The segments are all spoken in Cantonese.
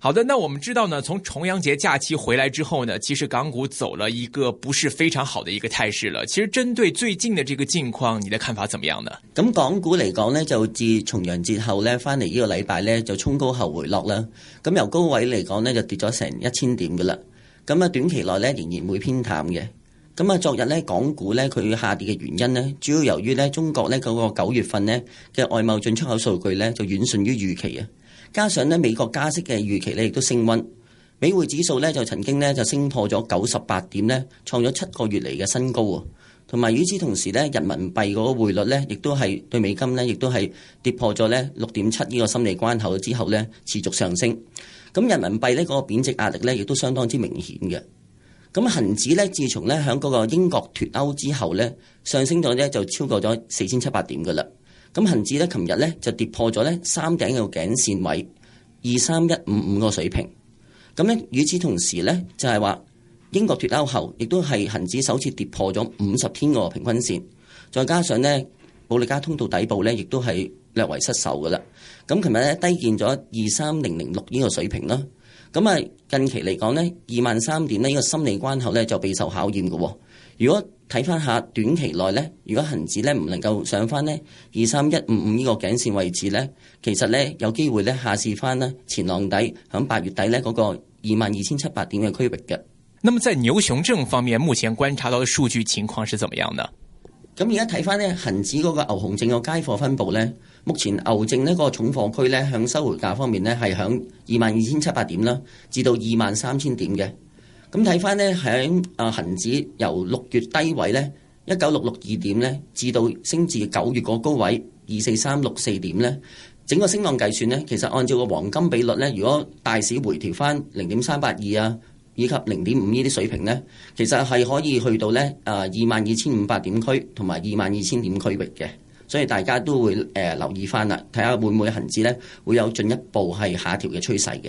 好的，那我們知道呢，從重陽節假期回來之後呢，其實港股走了一個不是非常好的一個態勢了。其實針對最近的這個境況，你的看法怎麼樣呢？咁港股嚟講呢就自重陽節後呢翻嚟呢個禮拜呢，就沖高後回落啦。咁由高位嚟講呢就跌咗成一千點噶啦。咁啊短期內呢仍然會偏淡嘅。咁啊昨日呢，港股呢佢下跌嘅原因呢，主要由於呢中國呢嗰個九月份呢嘅外貿進出口數據呢，就遠遜於預期啊。加上咧美國加息嘅預期咧，亦都升溫，美匯指數咧就曾經咧就升破咗九十八點咧，創咗七個月嚟嘅新高。同埋與此同時咧，人民幣嗰個匯率咧，亦都係對美金咧，亦都係跌破咗咧六點七呢個心理關口之後咧，持續上升。咁人民幣咧嗰個貶值壓力咧，亦都相當之明顯嘅。咁恒指咧，自從咧響嗰個英國脱歐之後咧，上升咗咧就超過咗四千七百點噶啦。咁恒指咧，琴日咧就跌破咗咧三頂嘅頸線位二三一五五個水平。咁咧，與此同時咧，就係話英國脱歐後，亦都係恒指首次跌破咗五十天個平均線。再加上咧，保利加通道底部咧，亦都係略為失守噶啦。咁琴日咧低見咗二三零零六呢個水平啦。咁啊，近期嚟講咧，二萬三點咧呢個心理關口咧就備受考驗噶。如果睇翻下短期內咧，如果恒指咧唔能夠上翻呢二三一五五呢個頸線位置咧，其實咧有機會咧下試翻呢前浪底響八月底咧嗰個二萬二千七百點嘅區域嘅。那麼在牛熊證方面，目前觀察到嘅數據情況是怎麼樣呢？咁而家睇翻咧恒指嗰個牛熊證嘅街貨分布咧，目前牛證呢個重貨區咧響收回價方面咧係響二萬二千七百點啦，至到二萬三千點嘅。咁睇翻咧，喺啊恆指由六月低位咧一九六六二點咧，至到升至九月個高位二四三六四點咧，整個升浪計算咧，其實按照個黃金比率咧，如果大市回調翻零點三八二啊，以及零點五呢啲水平咧，其實係可以去到咧啊二萬二千五百點區同埋二萬二千點區域嘅，所以大家都會誒留意翻啦，睇下會唔會恒指咧會有進一步係下調嘅趨勢嘅。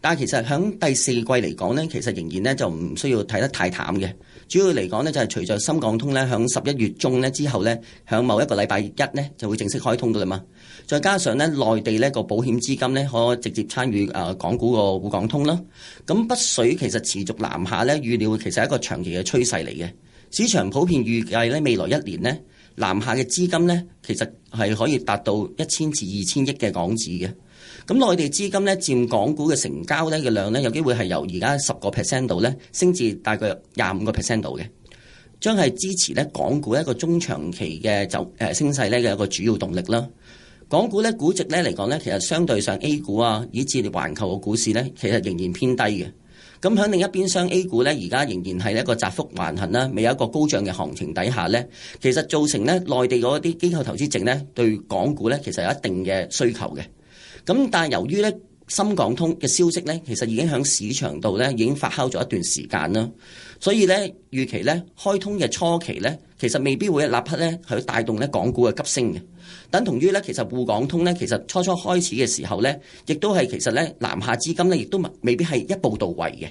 但係其實響第四季嚟講咧，其實仍然咧就唔需要睇得太淡嘅。主要嚟講咧就係隨着深港通咧，響十一月中咧之後咧，響某一個禮拜一咧就會正式開通㗎喇嘛。再加上咧內地呢個保險資金咧可直接參與啊港股個滬港通啦。咁北水其實持續南下咧，預料其實係一個長期嘅趨勢嚟嘅。市場普遍預計咧未來一年咧南下嘅資金咧其實係可以達到一千至二千億嘅港紙嘅。咁內地資金咧，佔港股嘅成交咧嘅量咧，有機會係由而家十個 percent 度咧，升至大概廿五個 percent 度嘅，將係支持咧港股呢一個中長期嘅就誒、呃、升勢咧嘅一個主要動力啦。港股咧估值，咧嚟講咧，其實相對上 A 股啊，以至係環球嘅股市咧，其實仍然偏低嘅。咁響另一邊廂 A 股咧而家仍然係一個窄幅橫行啦，啊，未有一個高漲嘅行情底下咧，其實造成咧內地嗰啲機構投資者咧對港股咧，其實有一定嘅需求嘅。咁但係由於咧深港通嘅消息咧，其實已經喺市場度咧已經發酵咗一段時間啦，所以咧預期咧開通嘅初期咧，其實未必會立刻呢咧去帶動咧港股嘅急升嘅，等同於咧其實滬港通咧其實初初開始嘅時候咧，亦都係其實咧南下資金咧亦都未必係一步到位嘅。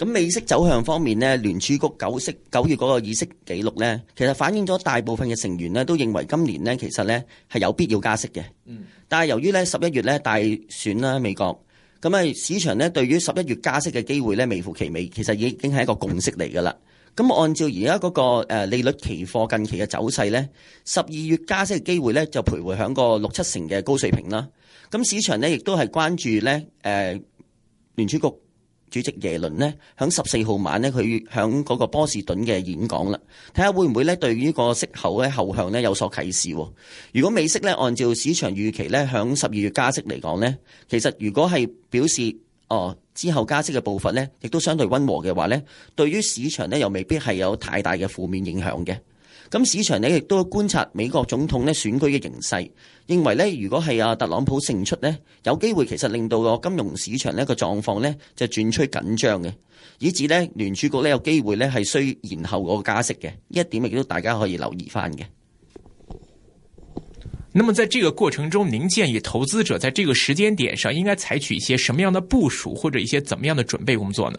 咁美息走向方面呢，聯儲局九息九月嗰個議息記錄呢，其實反映咗大部分嘅成員呢，都認為今年呢，其實呢係有必要加息嘅。嗯。但係由於呢十一月呢，大選啦，美國咁啊市場呢，對於十一月加息嘅機會呢，微乎其微，其實已經係一個共識嚟噶啦。咁按照而家嗰個、呃、利率期貨近期嘅走勢呢，十二月加息嘅機會呢，就徘徊響個六七成嘅高水平啦。咁市場呢，亦都係關注呢誒、呃、聯儲局。主席耶倫呢，喺十四號晚呢，佢響嗰個波士頓嘅演講啦，睇下會唔會咧，對於個息口咧後向咧有所啟示。如果美息咧按照市場預期咧，響十二月加息嚟講咧，其實如果係表示哦之後加息嘅步伐咧，亦都相對溫和嘅話咧，對於市場咧又未必係有太大嘅負面影響嘅。咁市場呢亦都觀察美國總統呢選舉嘅形勢，認為呢如果係啊特朗普勝出呢，有機會其實令到個金融市場呢個狀況呢就轉趨緊張嘅，以至呢聯儲局呢有機會呢係需延後個加息嘅，呢一點亦都大家可以留意翻嘅。咁麼在這個過程中，您建議投資者在這個時間點上應該採取一些什麼樣的部署，或者一些怎麼樣的準備工作呢？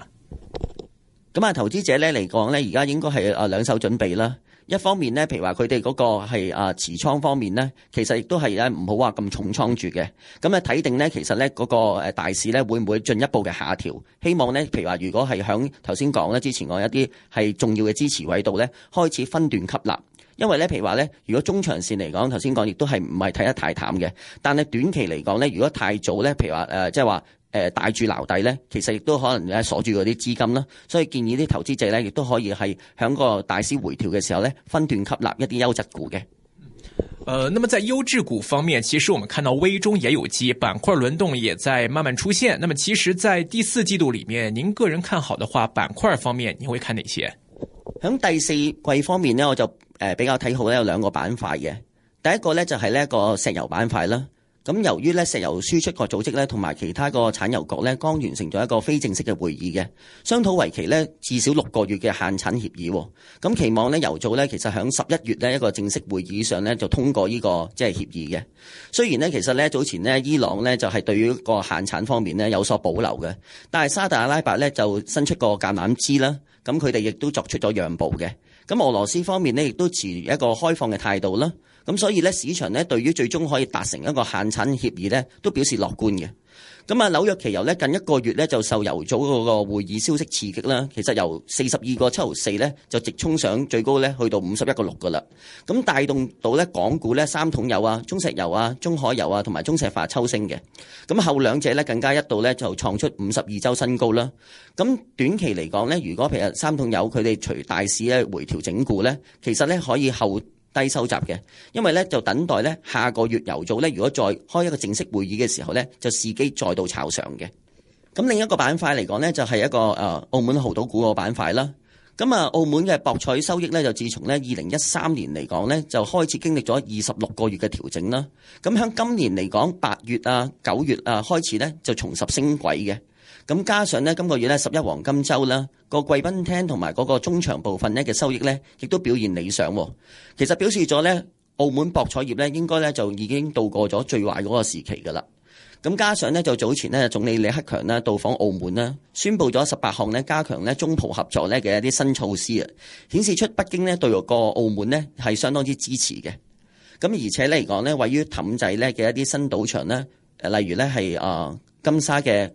咁啊，投資者呢嚟講呢，而家應該係啊兩手準備啦。一方面咧，譬如話佢哋嗰個係啊持倉方面咧，其實亦都係咧唔好話咁重倉住嘅。咁咧睇定咧，其實咧嗰個誒大市咧會唔會進一步嘅下調？希望咧，譬如話如果係響頭先講咧，之前講一啲係重要嘅支持位度咧，開始分段吸納。因為咧，譬如話咧，如果中長線嚟講，頭先講亦都係唔係睇得太淡嘅。但係短期嚟講咧，如果太早咧，譬如話誒即係話。呃就是說誒，帶住留底咧，其實亦都可能咧鎖住嗰啲資金啦，所以建議啲投資者咧，亦都可以係喺個大市回調嘅時候咧，分段吸納一啲優質股嘅。誒，那麼在優質股方面，其實我們看到危中也有機，板塊輪動也在慢慢出現。那麼其實在第四季度裏面，您個人看好的話，板塊方面你會看哪些？喺第四季方面呢，我就誒比較睇好咧有兩個板塊嘅，第一個咧就係呢一個石油板塊啦。咁由於咧石油輸出國組織咧，同埋其他個產油國咧，剛完成咗一個非正式嘅會議嘅，商討為期咧至少六個月嘅限產協議。咁期望咧油組咧，其實喺十一月咧一個正式會議上咧就通過呢個即係協議嘅。雖然咧其實咧早前咧伊朗咧就係對於個限產方面咧有所保留嘅，但係沙特阿拉伯咧就伸出個橄欖枝啦。咁佢哋亦都作出咗讓步嘅。咁俄羅斯方面咧亦都持一個開放嘅態度啦。咁所以咧，市場咧對於最終可以達成一個限產協議咧，都表示樂觀嘅。咁啊，紐約期油咧近一個月咧就受油組嗰個會議消息刺激啦，其實由四十二個七毫四咧就直衝上最高咧，去到五十一個六噶啦。咁帶動到咧港股咧三桶油啊、中石油啊、中海油啊同埋中石化抽升嘅。咁後兩者咧更加一度咧就創出五十二週新高啦。咁短期嚟講咧，如果譬如三桶油佢哋隨大市咧回調整固咧，其實咧可以後低收集嘅，因為咧就等待咧下個月由早咧，如果再開一個正式會議嘅時候咧，就伺機再度炒上嘅。咁另一個板塊嚟講咧，就係、是、一個誒、呃、澳門豪賭股個板塊啦。咁啊，澳門嘅博彩收益咧，就自從咧二零一三年嚟講咧，就開始經歷咗二十六個月嘅調整啦。咁響今年嚟講，八月啊、九月啊，開始咧就重拾升軌嘅。咁加上咧，今個月咧十一黃金週啦，個貴賓廳同埋嗰個中場部分咧嘅收益咧，亦都表現理想。其實表示咗咧，澳門博彩業咧，應該咧就已經渡過咗最壞嗰個時期噶啦。咁加上咧，就早前咧，總理李克強咧到訪澳門啦，宣佈咗十八項咧加強咧中葡合作咧嘅一啲新措施啊，顯示出北京咧對個澳門咧係相當之支持嘅。咁而且嚟講咧，位於氹仔咧嘅一啲新賭場咧，誒例如咧係啊金沙嘅。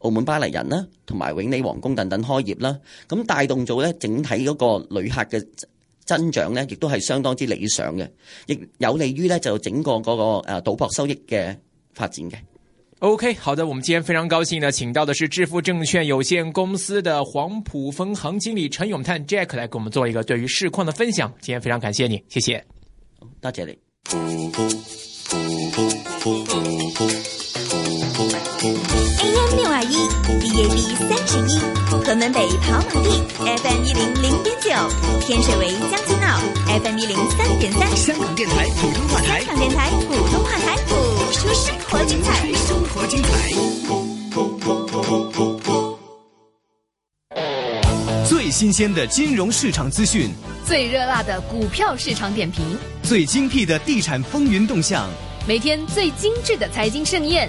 澳門巴黎人啦，同埋永利皇宮等等開業啦，咁帶動咗咧整體嗰個旅客嘅增長咧，亦都係相當之理想嘅，亦有利於咧就整個嗰個誒賭博收益嘅發展嘅。OK，好的，我們今天非常高興呢，請到的是致富證券有限公司的黃埔分行經理陳永泰 Jack 來給我們做一個對於市況的分享。今天非常感謝你，謝謝。多謝你。AM 六二一，DAB 三十一，屯門北跑馬地，FM 一零零點九，99，天水圍將軍澳，FM 一零三點三。3. 3，香港電台普通話台。香港電台普通話台，播出、哦、生活精彩。生活精彩。最新鮮的金融市場資訊，最熱辣的股票市場點評，最精闢的地產風雲動向，每天最精致的財經盛宴。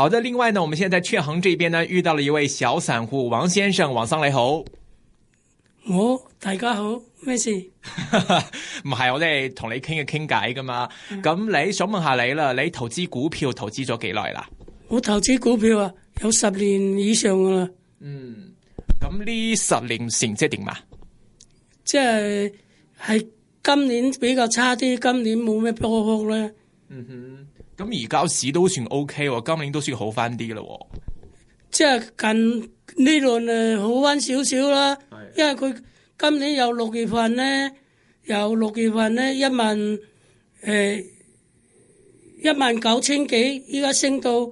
好的，另外呢，我們現在在券行這邊呢，遇到了一位小散戶王先生，王生你好。我、哦、大家好，咩事？唔係 我哋同你傾嘅傾偈噶嘛？咁、嗯、你想問下你啦，你投資股票投資咗幾耐啦？我投資股票啊，有十年以上噶啦、嗯。嗯、咁、嗯、呢十年成績點啊？即係係今年比較差啲，今年冇咩波幅咧。嗯哼。咁而家市都算 OK 喎，今年都算好翻啲喎。即係近呢輪好翻少少啦，因為佢今年有六月份咧，有六月份咧一萬誒、欸、一萬九千幾，依家升到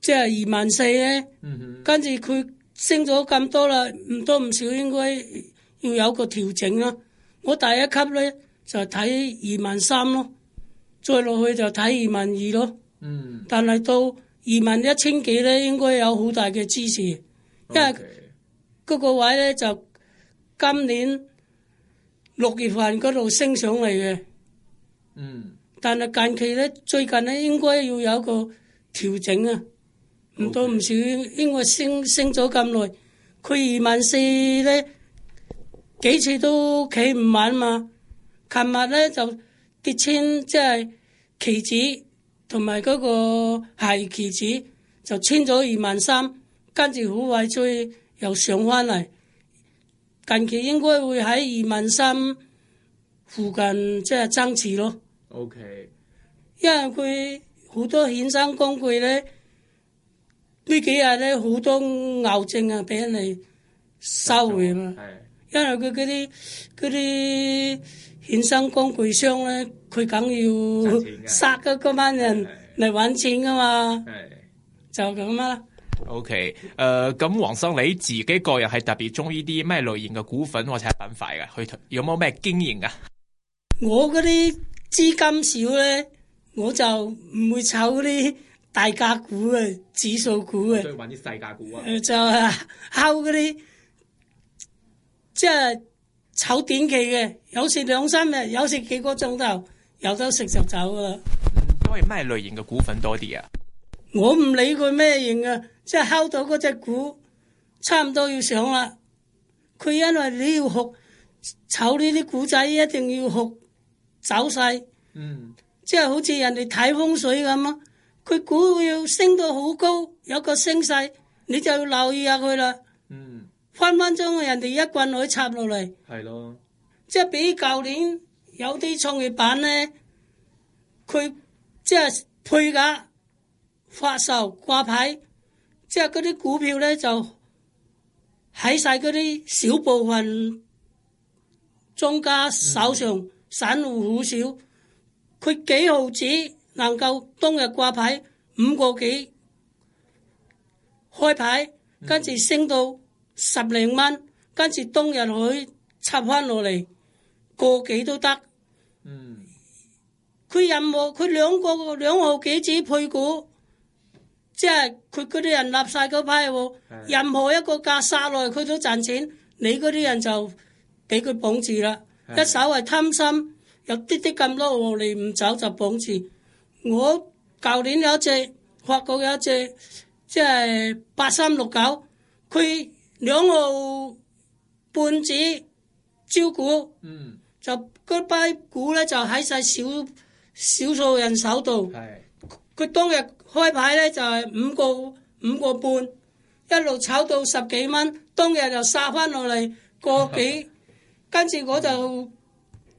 即係二萬四咧。嗯、哼跟住佢升咗咁多啦，唔多唔少應該要有個調整啦。我第一級咧就睇二萬三咯、哦。再落去就睇二萬二咯，嗯、但係到二萬一千幾咧，應該有好大嘅支持，Okay. 因為嗰個位咧就今年六月份嗰度升上嚟嘅。嗯，但係近期咧，最近咧應該要有一個調整啊，唔 Okay. 到唔少，應該升升咗咁耐，佢二萬四咧幾次都企唔穩啊嘛，琴日咧就。跌穿即係期指同埋嗰個下月期指就穿咗二萬三，跟住好快追又上翻嚟，近期應該會喺二萬三附近即係增持咯。O Okay . K，因為佢好多衍生工具咧呢幾日咧好多牛證啊俾人哋收回啊嘛，嗯、因為佢嗰啲嗰啲。衍生工具商咧，佢梗要殺咗嗰班人嚟搵錢噶嘛，就咁啊。OK，誒咁，那王生你自己個人係特別中意啲咩類型嘅股份或者係品牌嘅？佢有冇咩經營啊？我嗰啲資金少咧，我就唔會炒啲大價股嘅、指數股嘅。中意揾啲細價股啊！就後嗰啲即係。炒短期嘅，有時兩三日，有時幾個鐘頭，有得食就走噶啦。因都係咩類型嘅股份多啲啊？我唔理佢咩型呀，即係敲到嗰隻股，差唔多要上啦。佢因為你要學炒呢啲股仔，一定要學走勢。嗯，即係好似人哋睇風水咁咯。佢股要升到好高，有個升勢，你就要留意下佢啦。分分鐘人哋一棍佢插落嚟，係咯，即係比舊年有啲創業板咧，佢即係配價發售掛牌，即係嗰啲股票咧就喺晒嗰啲小部分莊家手上，嗯、散戶好少，佢幾毫子能夠當日掛牌五個幾開牌，跟住升到。十零蚊，跟住冬日佢插翻落嚟，個幾都得。嗯，佢任何佢兩個兩號幾紙配股，即係佢嗰啲人立晒個派喎。的任何一個價殺落，佢都賺錢。你嗰啲人就俾佢綁住啦。的一手係貪心，有啲啲咁多落嚟，唔走就綁住。我舊年有一隻，學過有一隻，即係八三六九，佢。兩毫半紙招股，嗯、就嗰批股咧就喺晒少少數人手度。佢是當日開牌咧就係、是、五個五個半，一路炒到十幾蚊，當日就殺翻落嚟個幾， 跟住我就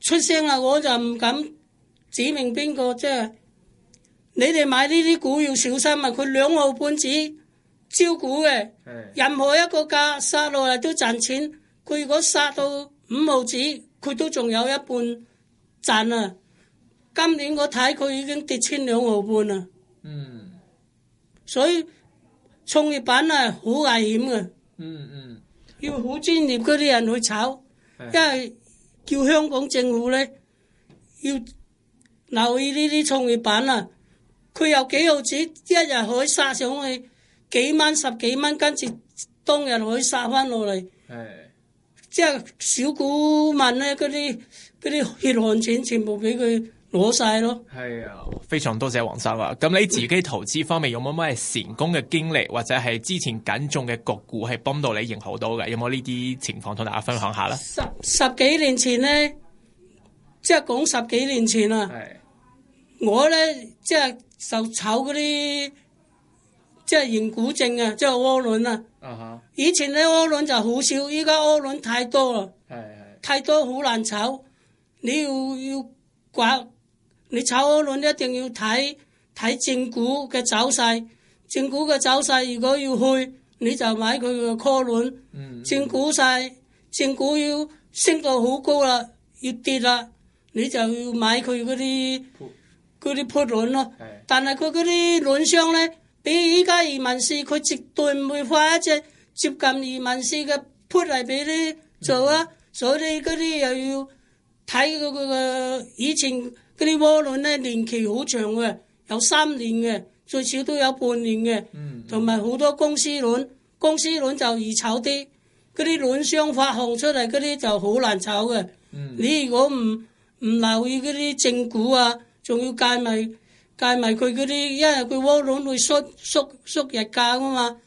出聲啦，我就唔敢指明邊個，即、就、係、是、你哋買呢啲股要小心啊！佢兩毫半紙。招股嘅，任何一個價，殺落嚟都賺錢。佢如果殺到五毫子，佢都仲有一半賺啊！今年我睇佢已經跌穿兩毫半啦。嗯，所以創業板啊，好危險嘅、嗯。嗯嗯，要好專業嗰啲人去炒，嗯、因為叫香港政府咧要留意呢啲創業板啊。佢有幾毫子一日可以殺上去。幾蚊十幾蚊，跟住，當日可以殺翻落嚟，即係的小股民咧，嗰啲嗰啲血汗錢全部俾佢攞晒咯。係啊，非常多謝黃生啊！咁你自己投資方面、嗯、有冇咩成功嘅經歷，或者係之前揀中嘅局股係幫到你贏好多嘅？有冇呢啲情況同大家分享下咧？十十幾年前咧，即係講十幾年前啊。是的我咧即係就炒嗰啲。即係認股證啊，即係窩輪啊，uh huh. 以前啲窩輪就好少，依家窩輪太多啦，hey, hey. 太多好難炒。你要要掛，你炒窩輪一定要睇睇正股嘅走勢，正股嘅走勢如果要去，你就買佢嘅 call 輪。正股勢，正股要升到好高啦，要跌啦，你就要買佢嗰啲嗰啲 put 輪咯。但係佢嗰啲輪商咧。比如依家二萬四，佢絕對唔會發一隻接近二萬四嘅 put 嚟俾你做啊！的所以嗰啲又要睇佢個個以前嗰啲窩輪咧，年期好長嘅，有三年嘅，最少都有半年嘅。嗯，嗯。同埋好多公司輪，公司輪就易炒啲。嗰啲輪商發行出嚟，嗰啲就好難炒嘅。嗯，嗯。你如果唔唔留意嗰啲正股啊，仲要介咪？係咪佢嗰啲，因為佢窩輪會縮縮縮日價噶嘛？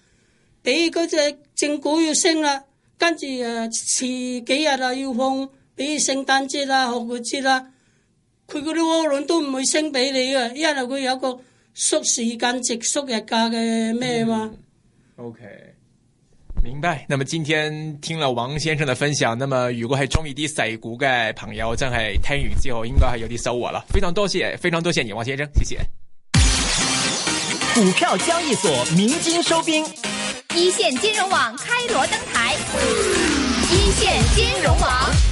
俾嗰隻正股要升啦，跟住誒遲幾日啊要放，比如聖誕節啦、復活節啦，佢嗰啲窩輪都唔會升俾你噶，因為佢有個縮時間值、縮日價嘅咩嘛？O K。嗯 okay. 明白，那麼今天聽了王先生的分享，那麼如果係中意啲細股嘅朋友貪，真係聽完之後應該係有啲收穫啦。非常多謝，非常多謝你，王先生，謝謝。股票交易所鳴金收兵，e 線金融網開鑼登台，e 線金融網。